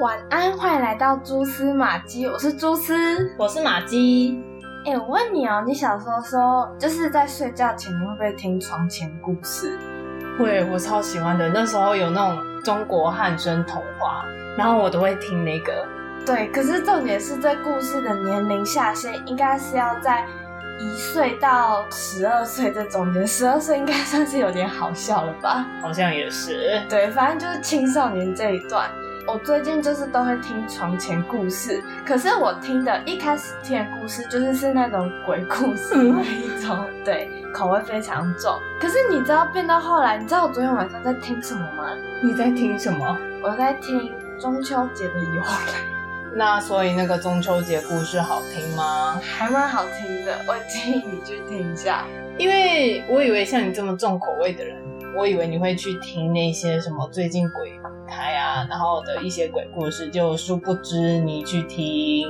晚安，歡迎來到蛛絲馬跡。我是蛛絲，我是馬跡。哎、欸，我問你哦，你小時候說，說就是在睡覺前你會不會聽床前故事？會，我超喜歡的。那時候有那種中國漢生童話，然後我都會聽那個。對，可是重點是這故事的年齡下限應該是要在一歲到十二歲這中間，十二歲應該算是有點好笑了吧？好像也是。對，反正就是青少年這一段。我最近就是都會聽床前故事，可是我聽的一開始聽的故事就是是那種鬼故事那一種，嗯、對，口味非常重。可是你知道變到後來，你知道我昨天晚上在聽什麼嗎？你在聽什麼？我在聽中秋節的由來。那所以那個中秋節故事好聽嗎？還蠻好聽的，我建議你去聽一下。因為我以為像你這麼重口味的人，我以為你會去聽那些什麼最近鬼。台啊，然後的一些鬼故事，就殊不知你去聽。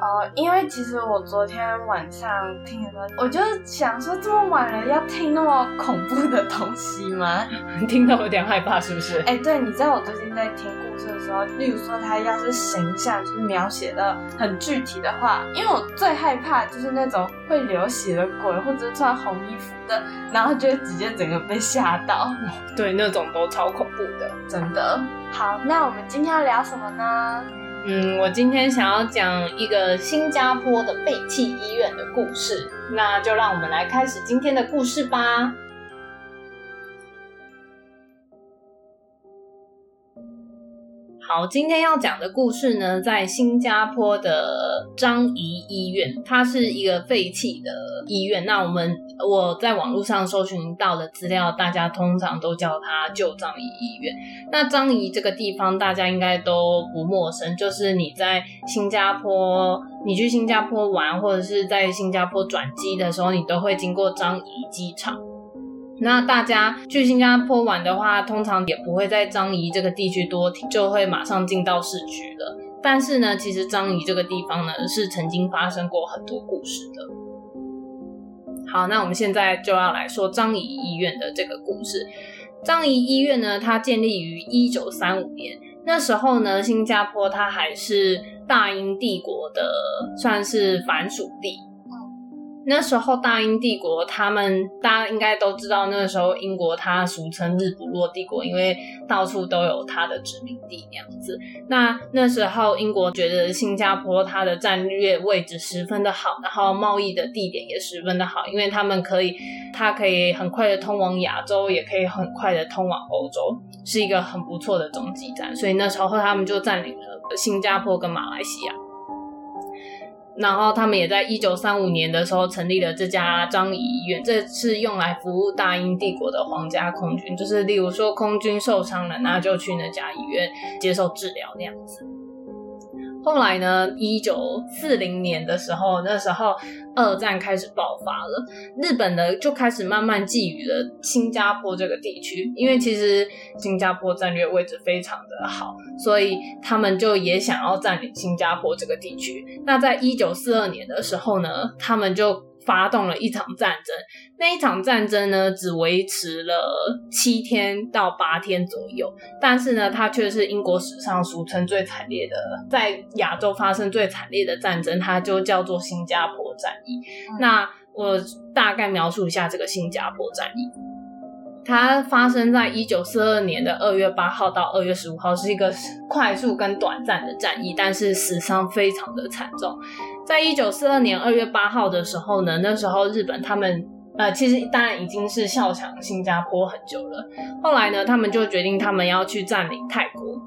哦，因為其實我昨天晚上聽了，我就是想說，這麼晚了要聽那麼恐怖的東西嗎？聽到有點害怕，是不是？哎、欸，對，你知道我最近在聽故事的時候，例如說他要是形象就是描寫的很具體的話，因為我最害怕就是那種會流血的鬼，或者是穿紅衣服的，然後就直接整個被嚇到、哦。對，那種都超恐怖的，真的。好，那我們今天要聊什麼呢？嗯，我今天想要講一個新加坡的廢棄醫院的故事，那就讓我們來開始今天的故事吧。好，今天要講的故事呢，在新加坡的樟宜醫院，它是一個廢棄的醫院。那我們我在網絡上搜尋到的資料，大家通常都叫它舊樟宜醫院。那樟宜這個地方，大家應該都不陌生，就是你在新加坡，你去新加坡玩，或者是在新加坡轉機的時候，你都會經過樟宜機場。那大家去新加坡玩的話，通常也不會在樟宜這個地區多停，就會馬上進到市區了。但是呢，其實樟宜這個地方呢，是曾經發生過很多故事的。好，那我們現在就要來說樟宜醫院的這個故事。樟宜醫院呢，它建立於一九三五年，那時候呢，新加坡它還是大英帝國的，算是藩屬地。那時候大英帝國，他們大家應該都知道，那時候英國它俗稱日不落帝國，因為到處都有它的殖民地那樣子。那那時候英國覺得新加坡它的戰略位置十分的好，然後貿易的地點也十分的好，因為他們可以，它可以很快的通往亞洲，也可以很快的通往歐洲，是一個很不錯的中繼站。所以那時候他們就佔領了新加坡跟馬來西亞。然後他們也在一九三五年的時候成立了這家樟宜醫院，這是用來服務大英帝國的皇家空軍，就是例如說空軍受傷了，那就去那家醫院接受治療那樣子。後來呢，一九四零年的時候，那時候二戰開始爆發了，日本呢就開始慢慢覬覦了新加坡這個地區，因為其實新加坡戰略位置非常的好，所以他們就也想要占領新加坡這個地區。那在一九四二年的時候呢，他們就。發動了一場戰爭，那一場戰爭呢，只維持了七天到八天左右，但是呢，它卻是英國史上俗稱最慘烈的，在亞洲發生最慘烈的戰爭，它就叫做新加坡戰役。嗯、那我大概描述一下這個新加坡戰役，它發生在一九四二年的二月八號到二月十五號，是一個快速跟短暫的戰役，但是死傷非常的慘重。在一九四二年二月八號的時候呢，那時候日本他們呃，其實當然已經是想搶新加坡很久了。後來呢，他們就決定他們要去占領泰國。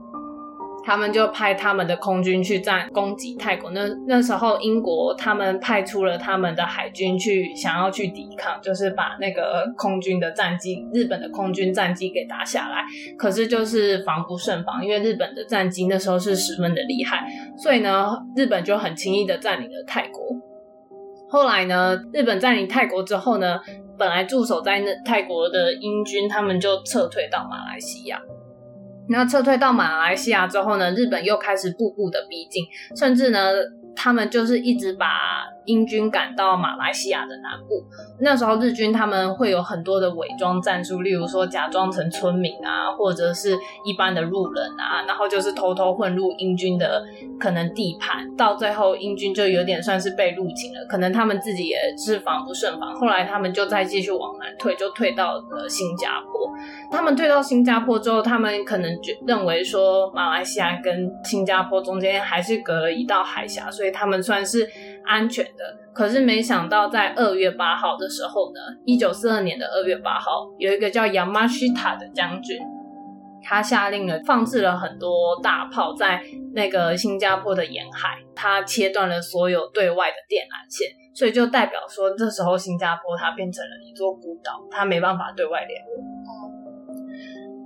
他們就派他們的空軍去戰攻擊泰國。那那時候英國他們派出了他們的海軍去想要去抵抗，就是把那個空軍的戰機、日本的空軍戰機給打下來。可是就是防不勝防，因為日本的戰機那時候是十分的厲害，所以呢，日本就很輕易的佔領了泰國。後來呢，日本佔領泰國之後呢，本來駐守在那泰國的英軍他們就撤退到馬來西亞。那撤退到馬來西亞之後呢，日本又開始步步的逼近，甚至呢，他們就是一直把英軍趕到馬來西亞的南部，那時候日軍他們會有很多的偽裝戰術，例如說假裝成村民啊，或者是一般的路人啊，然後就是偷偷混入英軍的可能地盤，到最後英軍就有點算是被入侵了，可能他們自己也是防不勝防。後來他們就再繼續往南退，就退到了新加坡。他們退到新加坡之後，他們可能就認為說馬來西亞跟新加坡中間還是隔了一道海峽，所以他們算是。安全的，可是沒想到，在二月八號的時候呢，一九四二年的二月八號，有一個叫 Yamashita 的將軍，他下令了，放置了很多大炮在那個新加坡的沿海，他切斷了所有對外的電纜線，所以就代表說，這時候新加坡它變成了一座孤島，它沒辦法對外聯絡。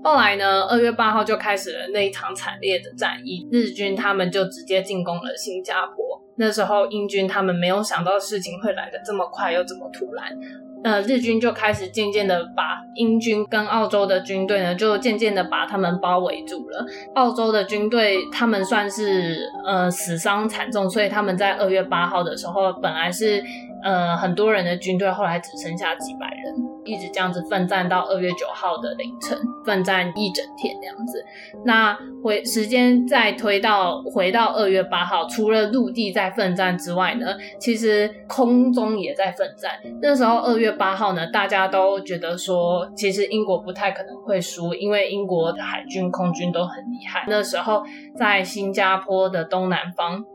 後來呢，二月八號就開始了那一場慘烈的戰役，日軍他們就直接進攻了新加坡。那時候英軍他們沒有想到事情會來得這麼快又這麼突然，呃，日軍就開始漸漸的把英軍跟澳洲的軍隊呢，就漸漸的把他們包圍住了。澳洲的軍隊他們算是呃死傷慘重，所以他們在二月八號的時候本來是。呃，很多人的軍隊後來只剩下幾百人，一直這樣子奮戰到二月九號的凌晨，奮戰一整天這樣子。那回時間再推到回到二月八號，除了陸地在奮戰之外呢，其實空中也在奮戰。那時候二月八號呢，大家都覺得說，其實英國不太可能會輸，因為英國的海軍、空軍都很厲害。那時候在新加坡的東南方。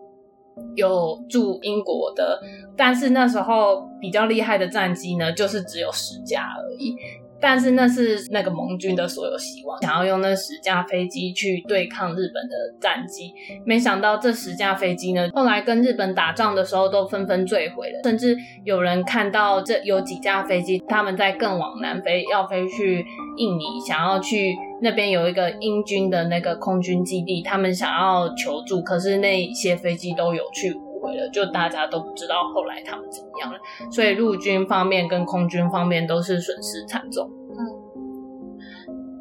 有駐英國的。但是那時候比較厲害的戰機呢，就是只有十架而已。但是那是那個盟軍的所有希望，想要用那十架飛機去對抗日本的戰機。沒想到這十架飛機呢，後來跟日本打仗的時候都紛紛墜毀了，甚至有人看到這有幾架飛機，他們在更往南飛，要飛去印尼，想要去。那邊有一個英軍的那個空軍基地，他們想要求助，可是那些飛機都有去無回了，就大家都不知道後來他們怎麼樣了。所以陸軍方面跟空軍方面都是損失慘重。嗯，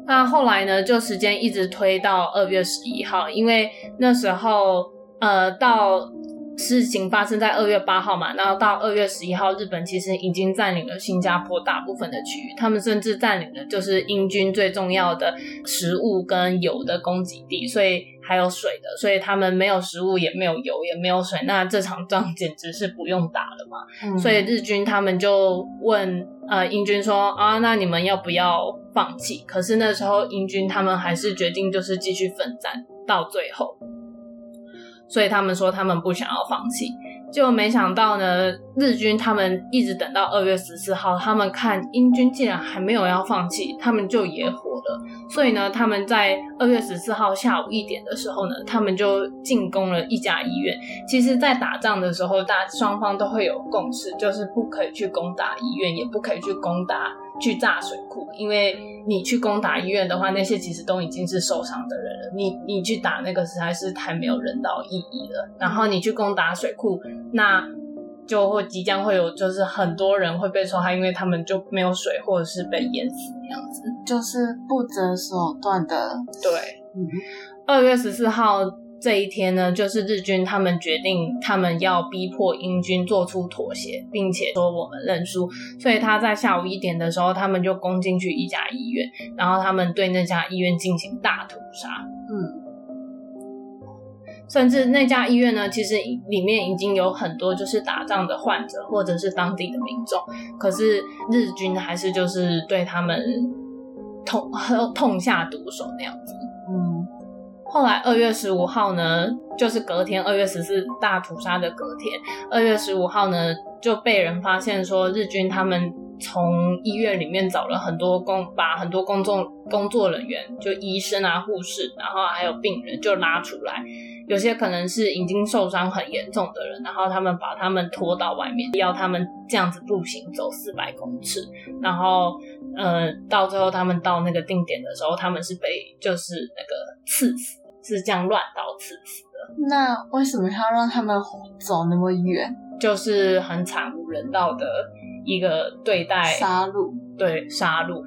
那、啊、後來呢，就時間一直推到二月十一號，因為那時候呃到。事情發生在二月八號嘛，然後到二月十一號，日本其實已經占領了新加坡大部分的區域，他們甚至占領了就是英軍最重要的食物跟油的供給地，所以還有水的，所以他們沒有食物，也沒有油，也沒有水，那這場仗簡直是不用打了嘛。嗯。所以日軍他們就問呃英軍說啊，那你們要不要放棄？可是那時候英軍他們還是決定就是繼續奮戰到最後。所以他們說他們不想要放棄，結果沒想到呢，日軍他們一直等到二月十四號，他們看英軍竟然還沒有要放棄，他們就也火了。所以呢，他們在二月十四號下午一點的時候呢，他們就進攻了一家醫院。其實，在打仗的時候，大家雙方都會有共識，就是不可以去攻打醫院，也不可以去攻打。去炸水庫，因為你去攻打醫院的話，那些其實都已經是受傷的人了。你你去打那個實在是太沒有人道意義了。然後你去攻打水庫，那就會即將會有，就是很多人會被受害，因為他們就沒有水或者是被淹死的樣子，就是不擇手段的。對，嗯，二月十四號。這一天呢，就是日軍他們決定，他們要逼迫英軍做出妥協，並且說我們認輸。所以他在下午一點的時候，他們就攻進去一家醫院，然後他們對那家醫院進行大屠殺。嗯，甚至那家醫院呢，其實裡面已經有很多就是打仗的患者或者是當地的民眾，可是日軍還是就是對他們痛，痛下毒手那樣子。後來二月十五號呢，就是隔天，二月十四大屠殺的隔天，二月十五號呢就被人發現說，日軍他們從醫院裡面找了很多工，把很多工作工作人員，就醫生啊、護士，然後還有病人就拉出來，有些可能是已經受傷很嚴重的人，然後他們把他們拖到外面，要他們這樣子步行走四百公尺，然後呃到最後他們到那個定點的時候，他們是被就是那個刺死。是這樣亂刀刺死的。那為什麼要讓他們走那麼遠？就是很慘無人道的一個對待，殺戮。對，殺戮。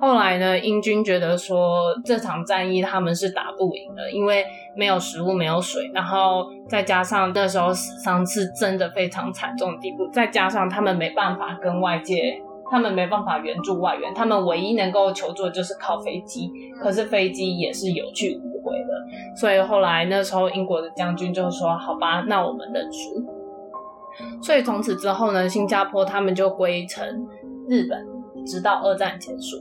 後來呢，英軍覺得說這場戰役他們是打不贏的，因為沒有食物，沒有水，然後再加上那時候死傷是真的非常慘重的地步，再加上他們沒辦法跟外界。他們沒辦法援助外援，他們唯一能夠求助的就是靠飛機，可是飛機也是有去無回的，所以後來那時候英國的將軍就說：“好吧，那我們認輸。”所以從此之後呢，新加坡他們就歸成日本，直到二戰結束。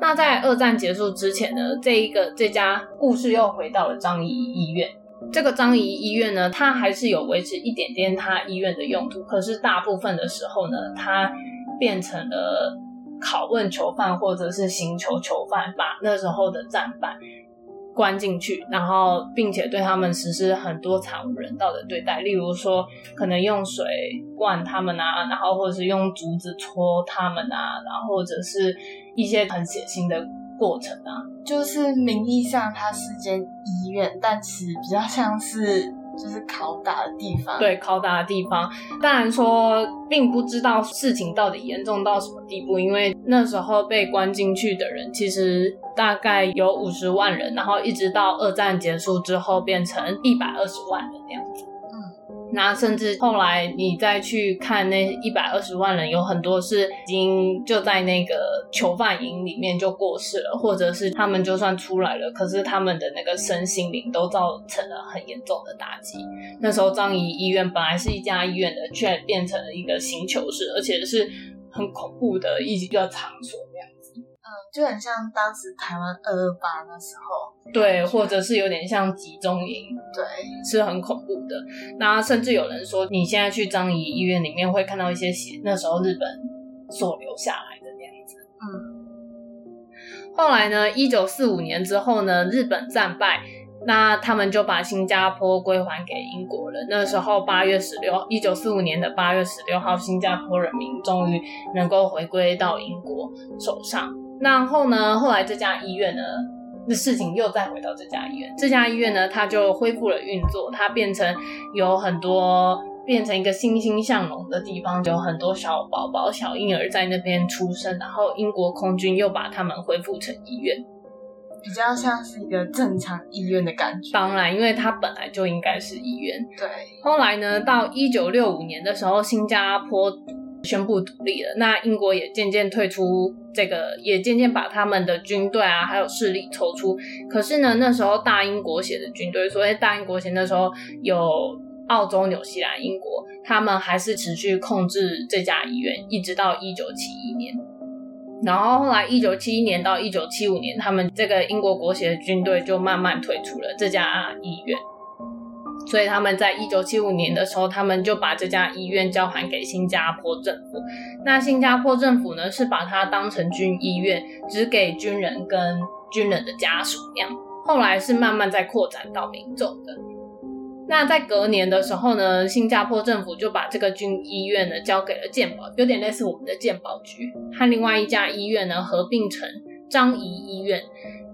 那在二戰結束之前呢，這一個這家故事又回到了樟宜醫院。這個樟宜醫院呢，它還是有維持一點點它醫院的用途，可是大部分的時候呢，它。變成了拷問囚犯或者是刑求囚犯，把那時候的戰犯關進去，然後並且對他們實施很多慘無人道的對待，例如說可能用水灌他們啊，然後或者是用竹子戳他們啊，然後或者是一些很血腥的過程啊。就是名義上它是間醫院，但其實比較像是。就是拷打的地方，對，拷打的地方。當然說，並不知道事情到底嚴重到什麼地步，因為那時候被關進去的人，其實大概有五十萬人，然後一直到二戰結束之後，變成一百二十萬人的樣子。那甚至後來，你再去看那一百二十萬人，有很多是已經就在那個囚犯營裡面就過世了，或者是他們就算出來了，可是他們的那個身心靈都造成了很嚴重的打擊。那時候，樟宜醫院本來是一家醫院的，卻變成了一個刑求室，而且是很恐怖的一個場所。就很像當時台灣二二八那時候，對，或者是有點像集中營，對，是很恐怖的。那甚至有人說，你現在去樟宜醫院裡面會看到一些血，那時候日本所留下來的那樣子。嗯。後來呢，一九四五年之後呢，日本戰敗，那他們就把新加坡歸還給英國了。那時候八月十六號，一九四五年的八月十六號，新加坡人民終於能夠回歸到英國手上。然後呢，後來這家醫院呢的事情又再回到這家醫院。這家醫院呢，它就恢復了運作，它變成有很多，變成一個欣欣向榮的地方，有很多小寶寶、小嬰兒在那邊出生。然後英國空軍又把他們恢復成醫院，比較像是一個正常醫院的感覺。當然，因為它本來就應該是醫院。對。後來呢，到一九六五年的時候，新加坡。宣布獨立了，那英國也漸漸退出這個，也漸漸把他們的軍隊啊，還有勢力抽出。可是呢，那時候大英國協的軍隊，所謂大英國協那時候有澳洲、紐西蘭、英國，他們還是持續控制這家醫院，一直到一九七一年。然後後來一九七一年到一九七五年，他們這個英國國協的軍隊就慢慢退出了這家醫院。所以他們在一九七五年的時候，他們就把這家醫院交還給新加坡政府。那新加坡政府呢，是把它當成軍醫院，只給軍人跟軍人的家屬一樣。後來是慢慢再擴展到民眾的。那在隔年的時候呢，新加坡政府就把這個軍醫院呢交給了健保，有點類似我們的健保局，和另外一家醫院呢合併成樟宜醫院。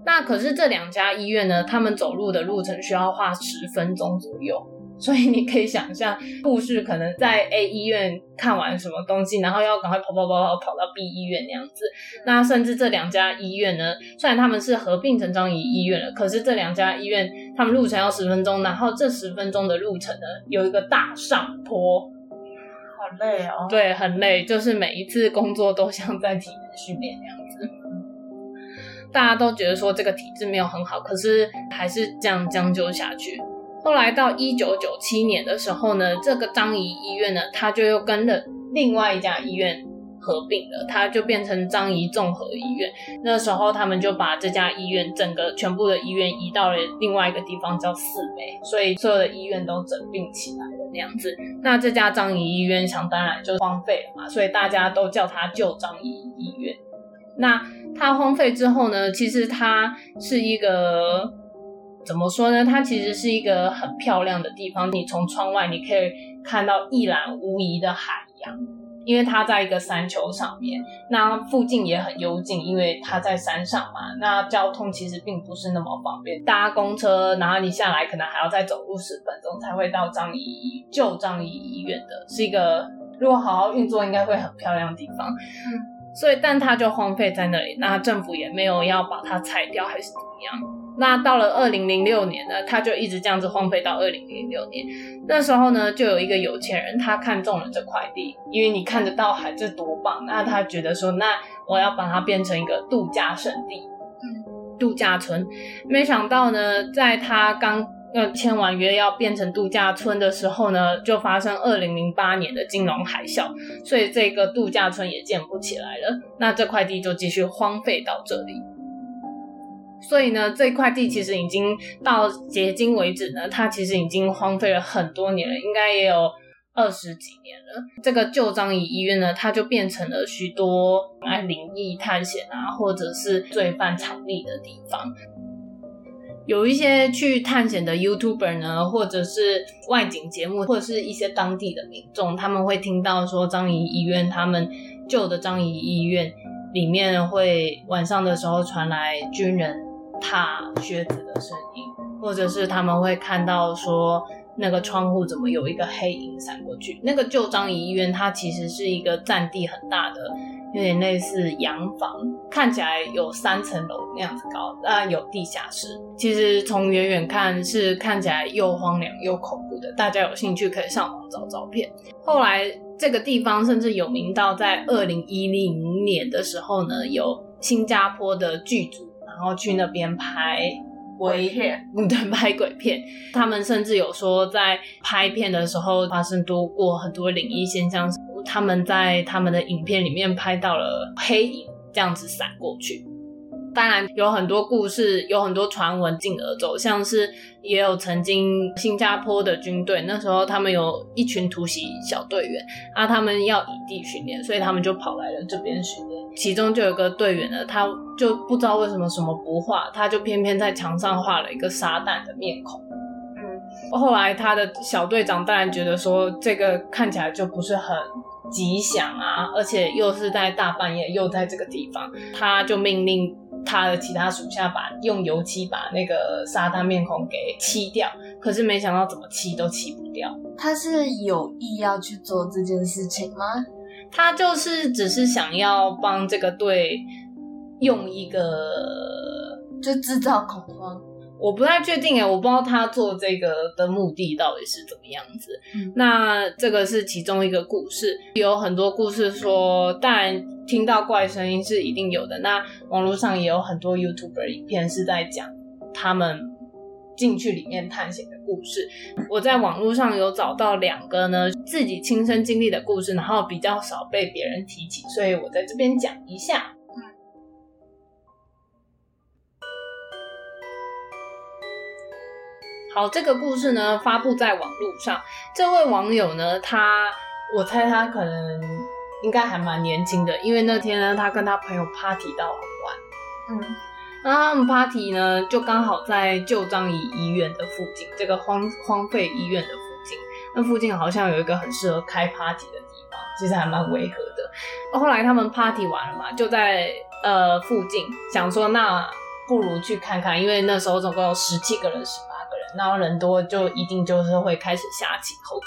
那可是這兩家醫院呢，他們走路的路程需要花十分鐘左右，所以你可以想象護士可能在 A 醫院看完什麼東西，然後要趕快跑跑跑跑跑到 B 醫院那樣子。嗯、那甚至這兩家醫院呢，雖然他們是合併成樟宜醫院了，可是這兩家醫院他們路程要十分鐘，然後這十分鐘的路程呢，有一個大上坡，好累哦。對，很累，就是每一次工作都像在體能訓練那樣。大家都覺得說這個體質沒有很好，可是還是這樣將就下去。後來到一九九七年的時候呢，這個樟宜醫院呢，他就又跟了另外一家醫院合併了，他就變成樟宜綜合醫院。那時候他們就把這家醫院整個全部的醫院移到了另外一個地方叫四美，所以所有的醫院都整併起來了那樣子。那這家樟宜醫院，想當然就荒廢了嘛，所以大家都叫它舊樟宜醫院。那。它荒廢之後呢，其實它是一個怎麼說呢？它其實是一個很漂亮的地方。你從窗外你可以看到一覽無遺的海洋，因為它在一個山丘上面。那附近也很幽靜，因為它在山上嘛。那交通其實並不是那麼方便，搭公車，然後你下來可能還要再走路十分鐘才會到樟宜醫舊樟宜醫院的，是一個如果好好運作應該會很漂亮的地方。所以，但他就荒廢在那裡，那政府也沒有要把它拆掉，還是怎麼樣？那到了二零零六年呢，他就一直這樣子荒廢到二零零六年。那時候呢，就有一個有錢人，他看中了這塊地，因為你看得到海這多棒，那他覺得說，那我要把它變成一個度假勝地，嗯，度假村。沒想到呢，在他剛要簽完約要變成度假村的時候呢，就發生二零零八年的金融海嘯，所以這個度假村也建不起來了。那這塊地就繼續荒廢到這裡。所以呢，這塊地其實已經到今為止呢，它其實已經荒廢了很多年了，應該也有二十幾年了。這個舊樟宜醫院呢，它就變成了許多愛靈異探險啊，或者是罪犯藏匿的地方。有一些去探險的 YouTuber 呢，或者是外景節目，或者是一些當地的民眾，他們會聽到說樟宜醫院，他們舊的樟宜醫院裡面會晚上的時候傳來軍人踏靴子的聲音，或者是他們會看到說那個窗戶怎麼有一個黑影閃過去。那個舊樟宜醫院它其實是一個佔地很大的。有點類似洋房，看起來有三層樓那樣子高，那有地下室。其實從遠遠看是看起來又荒涼又恐怖的。大家有興趣可以上網找照片。後來這個地方甚至有名到在二零一零年的時候呢，有新加坡的劇組然後去那邊拍鬼片，鬼片，嗯，對，拍鬼片。他們甚至有說在拍片的時候發生多過很多靈異現象。他們在他們的影片裡面拍到了黑影這樣子閃過去，當然有很多故事，有很多傳聞進而走，像是也有曾經新加坡的軍隊，那時候他們有一群突襲小隊員，啊，他們要異地訓練，所以他們就跑來了這邊訓練，其中就有個隊員呢，他就不知道為什麼什麼不畫，他就偏偏在牆上畫了一個撒旦的面孔。後來他的小隊長當然覺得說這個看起來就不是很吉祥啊，而且又是在大半夜，又在這個地方，他就命令他的其他屬下把用油漆把那個沙灘面孔給漆掉。可是沒想到怎麼漆都漆不掉。他是有意要去做這件事情嗎？他就是只是想要幫這個隊用一個，就制造恐慌。我不太確定誒、欸、我不知道他做這個的目的到底是怎麼樣子。嗯、那這個是其中一個故事，有很多故事說，當然聽到怪聲音是一定有的。那網絡上也有很多 YouTuber 影片，是在講他們進去裡面探險的故事。我在網絡上有找到兩個呢，自己親身經歷的故事，然後比較少被別人提起，所以我在這邊講一下。好、哦，這個故事呢，發布在網絡上。這位網友呢，他我猜他可能應該還蠻年輕的，因為那天呢，他跟他朋友 party 到很晚。嗯，那他們 party 呢，就剛好在舊樟宜醫院的附近，這個荒荒廢醫院的附近。那附近好像有一個很適合開 party 的地方，其實還蠻違和的。後來他們 party 完了嘛，就在呃附近想說，那不如去看看，因為那時候總共有十七個人是吧？然後人多就一定就是會開始下起雨，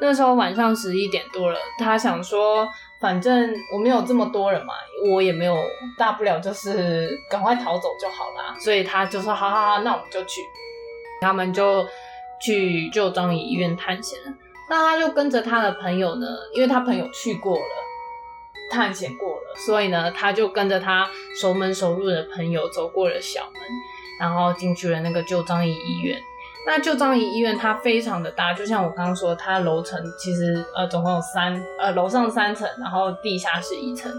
那時候晚上十一點多了，他想說，反正我們有這麼多人嘛，我也沒有大不了，就是趕快逃走就好啦。所以他就說，好好好，那我們就去。他們就去舊樟宜醫院探險了。那他就跟着他的朋友呢，因為他朋友去過了，探險過了，所以呢，他就跟着他熟門熟路的朋友走過了小門，然後進去了那個舊樟宜醫院。那舊樟宜醫院它非常的大，就像我剛剛說，它樓層其實呃總共有三呃樓上三層，然後地下室一層。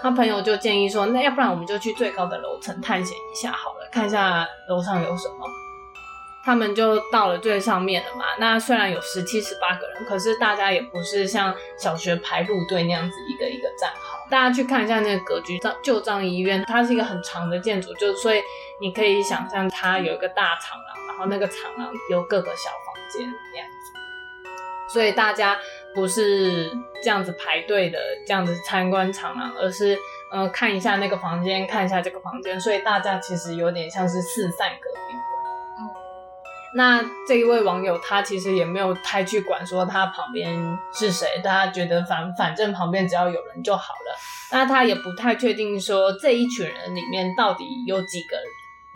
他朋友就建議說，那要不然我們就去最高的樓層探險一下好了，看一下樓上有什麼。他們就到了最上面了嘛。那雖然有十七十八個人，可是大家也不是像小學排路隊那樣子一個一個站好。大家去看一下那個格局，舊樟宜醫院它是一個很長的建築，就所以你可以想象它有一個大長廊啊。然後那個長廊有各個小房間那樣子，所以大家不是這樣子排隊的，這樣子參觀長廊，而是呃看一下那個房間，看一下這個房間，所以大家其實有點像是四散隔離。那這一位網友他其實也沒有太去管說他旁邊是誰，他覺得反反正旁邊只要有人就好了。那他也不太確定說這一群人裡面到底有幾個人。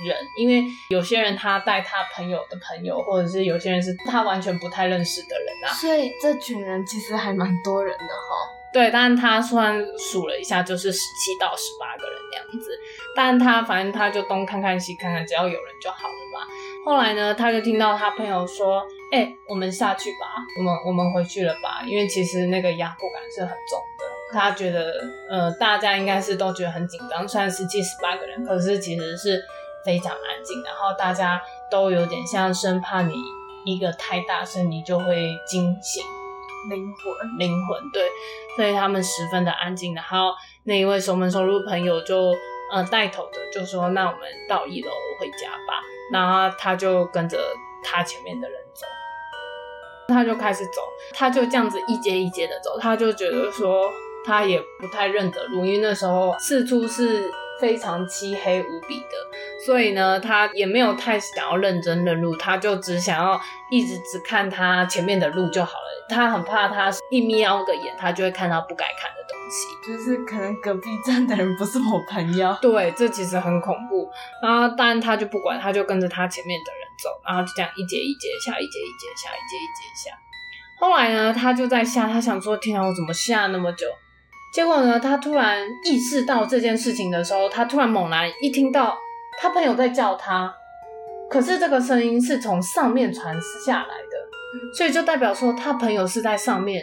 人，因為有些人他帶他朋友的朋友，或者是有些人是他完全不太認識的人啊，所以這群人其實還蠻多人的哈、哦。對，但他算數了一下，就是十七到十八個人這樣子，但他反正他就東看看西看看，只要有人就好了嘛。後來呢，他就聽到他朋友說：“哎、欸，我們下去吧，我們我們回去了吧。”因為其實那個壓迫感是很重的，他覺得呃大家應該是都覺得很緊張，雖然是十七十八個人，可是其實是。非常安靜，然後大家都有點像生怕你一個太大聲，你就會驚醒靈魂，靈魂對，所以他們十分的安靜。然後那一位熟門熟路的朋友就呃帶頭的就說：“那我們到一樓回家吧。”然後他就跟着他前面的人走，他就開始走，他就這樣子一階一階的走，他就覺得說他也不太認得路，因為那時候四處是。非常漆黑無比的，所以呢，他也沒有太想要認真認路，他就只想要一直只看他前面的路就好了。他很怕他一瞄個眼，他就會看到不該看的東西，就是可能隔壁站的人不是我朋友。對，這其實很恐怖。然後當然他就不管，他就跟着他前面的人走，然後就這樣一節一節下，一節一節下，一節一節下。一節一節下。後來呢，他就在下，他想說，天啊，我怎麼下那麼久？結果呢，他突然意識到這件事情的時候，他突然猛然一聽到他朋友在叫他，可是這個聲音是從上面傳下來的，所以就代表說他朋友是在上面。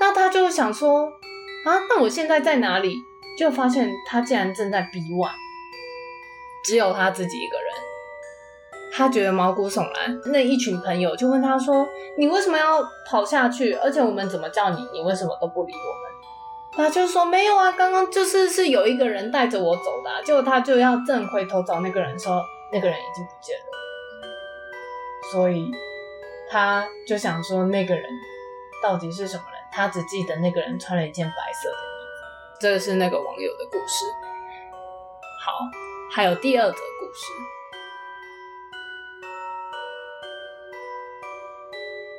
那他就想說啊，那我現在在哪裡？就發現他竟然正在 B1，只有他自己一個人，他覺得毛骨悚然。那一群朋友就問他說：“你為什麼要跑下去？而且我們怎麼叫你，你為什麼都不理我們？”他就說沒有啊，剛剛就是是有一個人帶着我走的，啊，結果他就要正回頭找那個人的時候，那個人已經不見了，所以他就想說那個人到底是什麼人？他只記得那個人穿了一件白色的衣服。這是那個網友的故事。好，還有第二則故事。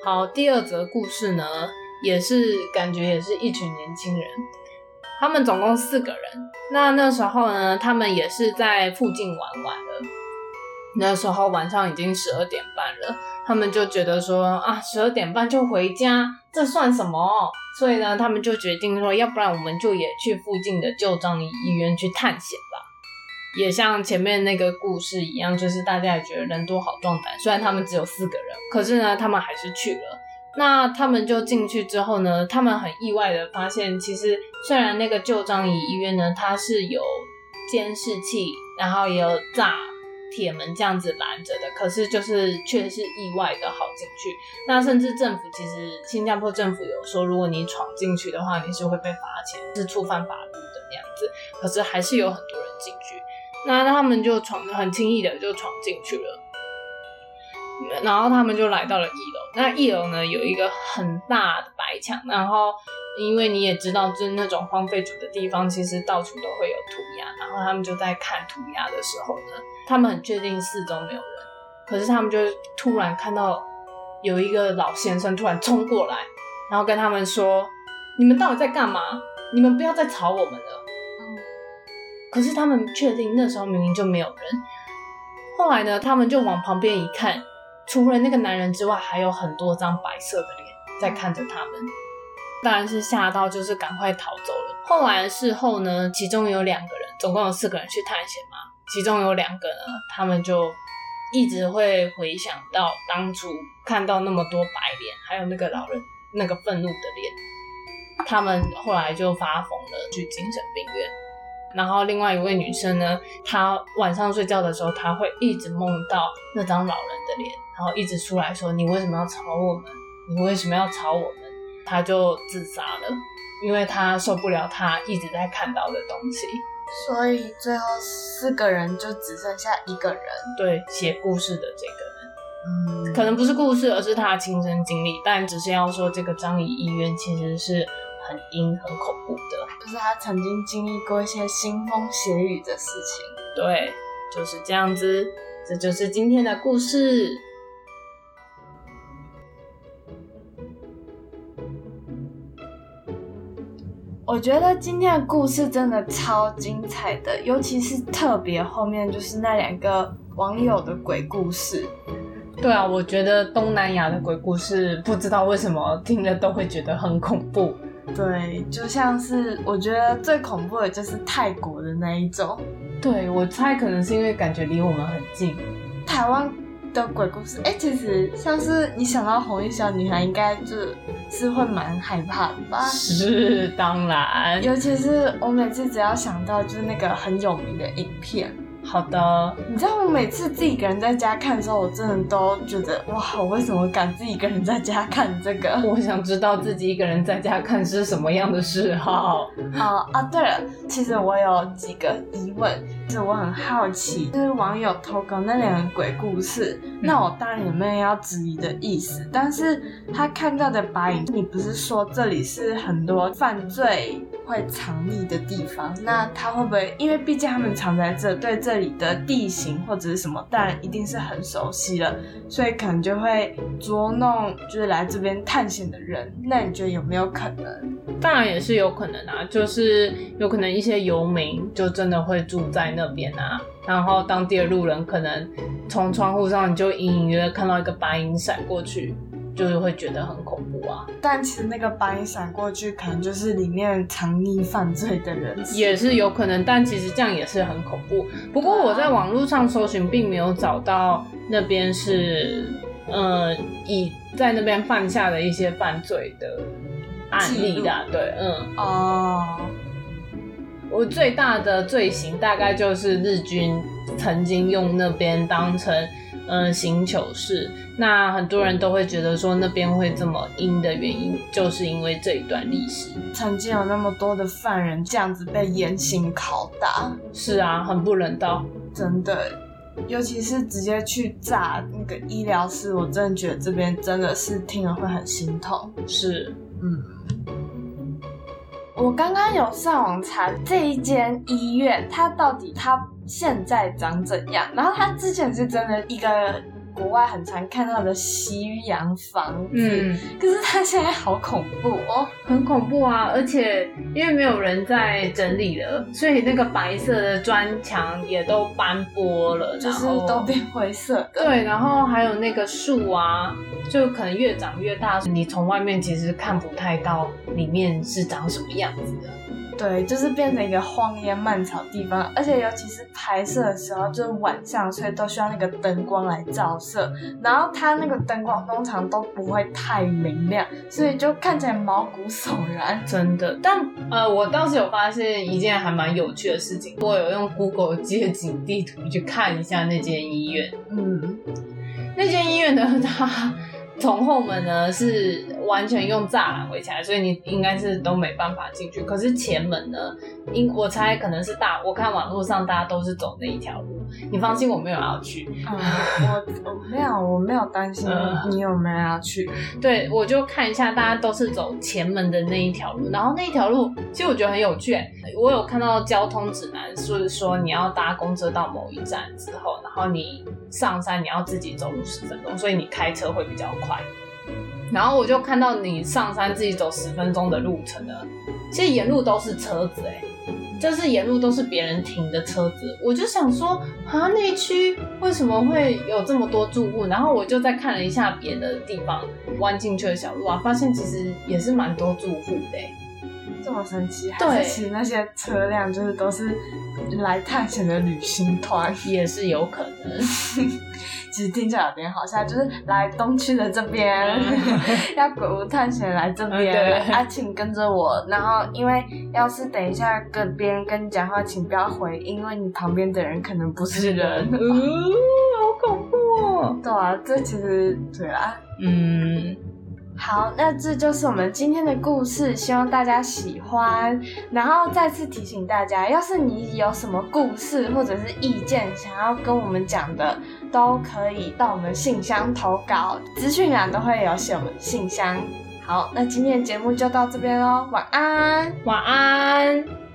好，第二則故事呢？也是感覺也是一群年輕人，他們總共四個人。那那時候呢，他們也是在附近玩玩的。那時候晚上已經十二點半了，他們就覺得說啊，十二點半就回家，這算什麼？所以呢，他們就決定說，要不然我們就也去附近的舊樟宜醫院去探險吧。也像前面那個故事一樣，就是大家也覺得人多好壯膽。雖然他們只有四個人，可是呢，他們還是去了。那他們就進去之後呢，他們很意外的發現，其實雖然那個舊樟宜醫院呢，它是有監視器，然後也有炸鐵門這樣子攔着的，可是就是卻是意外的好進去。那甚至政府其實新加坡政府有說，如果你闖進去的話，你是會被罰錢，是觸犯法律的那樣子。可是還是有很多人進去，那他們就闖，很輕易的就闖進去了。然後他們就來到了一樓。那一樓呢，有一個很大的白牆。然後，因為你也知道，就是那種荒廢住的地方，其實到處都會有塗鴉。然後他們就在看塗鴉的時候呢，他們很確定四周沒有人。可是他們就突然看到有一個老先生突然衝過來，然後跟他們說：“你們到底在幹嘛？你們不要再吵我們了。”嗯，可是他們確定那時候明明就沒有人。後來呢，他們就往旁邊一看。除了那個男人之外，還有很多張白色的臉在看着他們，當然是嚇到，就是趕快逃走了。後來事後呢，其中有兩個人，總共有四個人去探險嘛，其中有兩個呢，他們就一直會回想到當初看到那麼多白臉，還有那個老人那個憤怒的臉，他們後來就發瘋了，去精神病院。然後另外一位女生呢，她晚上睡覺的時候，她會一直夢到那張老人的臉，然後一直出來說：“你為什麼要吵我們？你為什麼要吵我們？”她就自殺了，因為她受不了她一直在看到的東西。所以最後四個人就只剩下一個人，對，寫故事的這個人，嗯，可能不是故事，而是她的親身經歷。但只是要說這個樟宜醫,醫院其實是。很陰、很恐怖的，就是他曾經經歷過一些腥風血雨的事情。對，就是這樣子。這就是今天的故事。我覺得今天的故事真的超精彩的，尤其是特別後面就是那兩個網友的鬼故事。對啊，我覺得東南亞的鬼故事，不知道為什麼聽了都會覺得很恐怖。對，就像是我覺得最恐怖的就是泰國的那一種。對，我猜可能是因為感覺離我們很近。台灣的鬼故事，哎，其實像是你想到紅衣小女孩，應該就是會蠻害怕的吧？是，當然。尤其是我每次只要想到就是那個很有名的影片。好的，你知道我每次自己一個人在家看的時候，我真的都覺得哇，我為什麼敢自己一個人在家看這個？我想知道自己一個人在家看是什麼樣的嗜好。啊啊，uh, uh, 對了，其實我有幾個疑問，就我很好奇，就是網友投稿那兩個鬼故事，那我當然有沒有要質疑的意思，但是他看到的白影，你不是說這裡是很多犯罪？會藏匿的地方，那他會不會？因為畢竟他們藏在這，對這裡的地形或者是什麼，但一定是很熟悉了，所以可能就會捉弄，就是來這邊探險的人。那你覺得有沒有可能？當然也是有可能啊，就是有可能一些遊民就真的會住在那邊啊，然後當地的路人可能從窗戶上你就隱隱約看到一個白影閃過去。就是會覺得很恐怖啊！但其實那個白衣閃過去，可能就是裡面藏匿犯罪的人，也是有可能。但其實這樣也是很恐怖。不過我在網絡上搜尋，並沒有找到那邊是，呃，以在那邊犯下的一些犯罪的案例的啊，記錄。對，嗯，哦，oh. 我最大的罪行大概就是日軍曾經用那邊當成。嗯，刑求室。那很多人都會覺得說那邊會這麼陰的原因，就是因為這一段歷史曾經有那麼多的犯人這樣子被嚴刑拷打。嗯，是啊，很不人道，真的，尤其是直接去炸那個醫療室，我真的覺得這邊真的是聽了會很心痛。是，嗯，我剛剛有上網查這一間醫院，它到底它現在長怎樣？然後他之前是真的一個國外很常看到的西洋房子，嗯，可是他現在好恐怖哦，很恐怖啊！而且因為沒有人在整理了，所以那個白色的磚牆也都斑駁了，然後就是都變灰色。對，然後還有那個樹啊，就可能越長越大，你從外面其實看不太到裡面是長什麼樣子的。對，就是變成一個荒煙蔓草地方，而且尤其是拍攝的時候，就是晚上，所以都需要那個燈光來照射。然後它那個燈光通常都不會太明亮，所以就看起來毛骨悚然，真的。但呃，我倒是有發現一件還蠻有趣的事情，我有用 Google 街景地圖去看一下那間醫院，嗯，那間醫院呢，它從後門呢，是完全用柵欄圍起來，所以你應該是都沒辦法進去。可是前門呢，因我猜可能是大，我看網絡上大家都是走那一條路。你放心，我沒有要去。嗯、我我沒有我沒有擔心、呃、你有沒有要去？對，我就看一下大家都是走前門的那一條路。然後那一條路其實我覺得很有趣、欸，我有看到交通指南，就是說你要搭公車到某一站之後，然後你上山你要自己走路十分鐘，所以你開車會比較快。然後我就看到你上山自己走十分鐘的路程了。其實沿路都是車子哎、欸，就是沿路都是別人停的車子。我就想說啊，那區為什麼會有這麼多住戶？然後我就再看了一下別的地方彎進去的小路啊，發現其實也是蠻多住戶的、欸。這麼神奇？對，其實那些車輛就是都是來探險的旅行團，也是有可能。 其實聽起來有點好笑，就是來東區的這邊、嗯、要鬼屋探險，來這邊、嗯，啊，請跟着我。然後因為要是等一下跟別人跟你講話，請不要回應，因為你旁邊的人可能不是人。嗯，好恐怖、喔。對啊，這其實對啦，嗯。好，那這就是我們今天的故事，希望大家喜歡。然後再次提醒大家，要是你有什麼故事或者是意見想要跟我們講的，都可以到我們信箱投稿，資訊欄都會有寫我們信箱。好，那今天的節目就到這邊嘍，晚安，晚安。